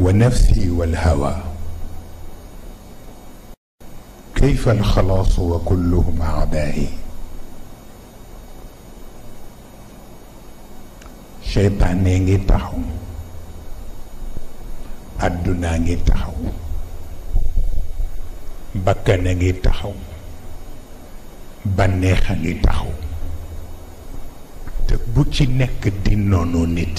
ونفسي والهوى كيف الخلاص وكلهم أعدائي seytaane ngi taxaw àdduna ngi taxaw bakkan ngi taxaw bànneex a ngi taxaw te bu ci nekk di noonu nit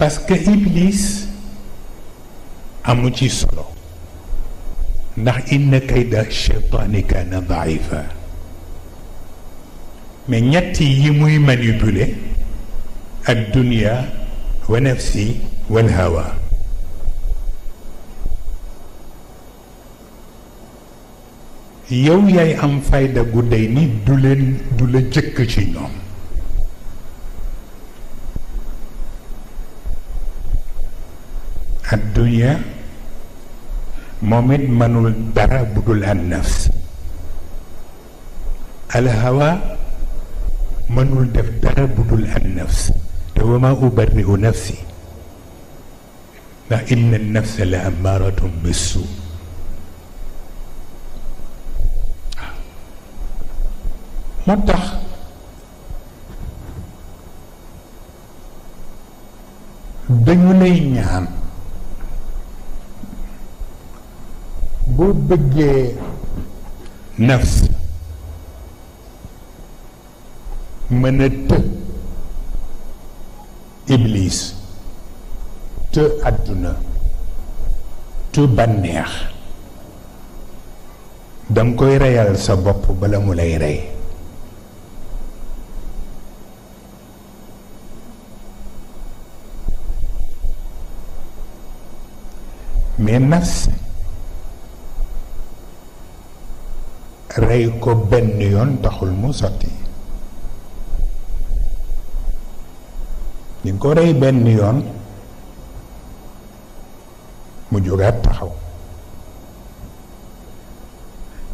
parce que amu ci solo ndax inna kayda cheytaani kaana daifa mais ñetti yi muy manipuler ak dunia wa nafsi wal hawa yow yaay am fayda gu day ni du la jëkk ci ñoom addunya moom it mënul dara bu dul an nafs alhawa mënul def dara bu dul an nafs te wa ma ubarri'u nafsi ndax inna nafsa la ammaaratum bissu moo tax dañu lay ñaan boo bëggee nafs mën a të iblis te àdduna te bànneex danga koy reyal sa bopp bala mu lay rey mais nafs rey ko benn yoon taxul mu sotti di ko rey benn yoon mu jógaat taxaw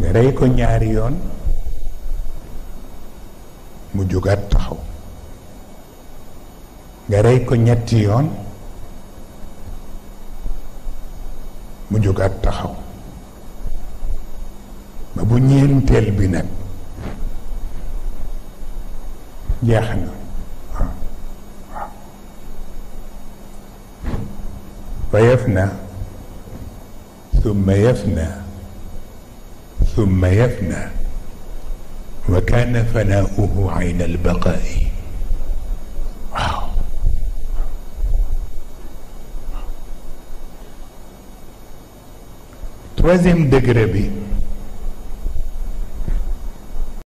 nga rey ko ñaari yoon mu jógaat taxaw nga rey ko ñetti yoon mu jógaat taxaw ba bu ñeenteel bi nag jeex na waaw waaw fa yef na summa yef na summa yef na wa kaana fanaauhu ayna albaqaa'i waaw troisième degré bi